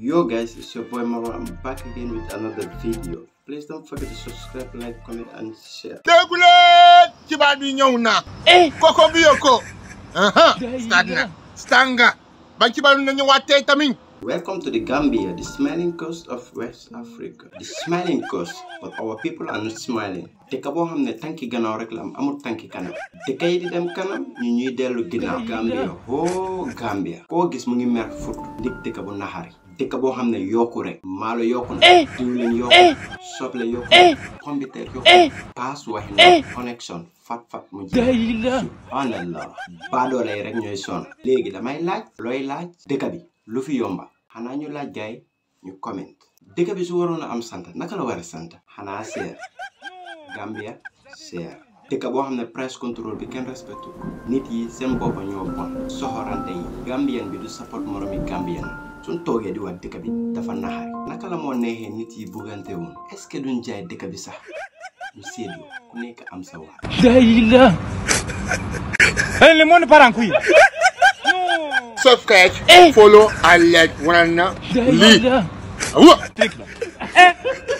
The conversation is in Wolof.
yo guys it's your boy Maro I'm back again with another video please don't forget to subscribe like comment and share Degule kibadi eh! Welcome to the Gambia, the smiling coast of West Africa. The smiling coast, but our people are not smiling. The boo xam ne tànki gannaaw rek la tànki kanam The yi dem kanam ñu ñuy dellu ginnaaw Gambia oh Gambia koo gis mu ngi mer fut ndig dëkka bu naxari tikka boo xam ne yokku rek maalo yokku na eh. diwlin yokku eh. soble yokku eh. pombiteer yokku paas waxi connection fat fat mu ji subhanallah baadoole yi rek ñooy sonn léegi damay laaj looy laaj dëkk bi lu fi yomba xanaa ñu laaj gaay ñu comment dëkk bi su waroon a am sant naka la war a sant xanaa seer Gambia seer dëkka ka bo ne presse control bi kenn respectu nit yi seen boppa ñoo bon soxorante yi gambien bi du support moromi gambien sun toge di wax dëkka bi dafa naxari naka la mo neexee nit yi buggante woon est ce que duñ jaay dëkka bi sax ñu séeddu ku nekk am sa wax ay le mon paranku yi subscribe eh. follow and like wanal na lii wa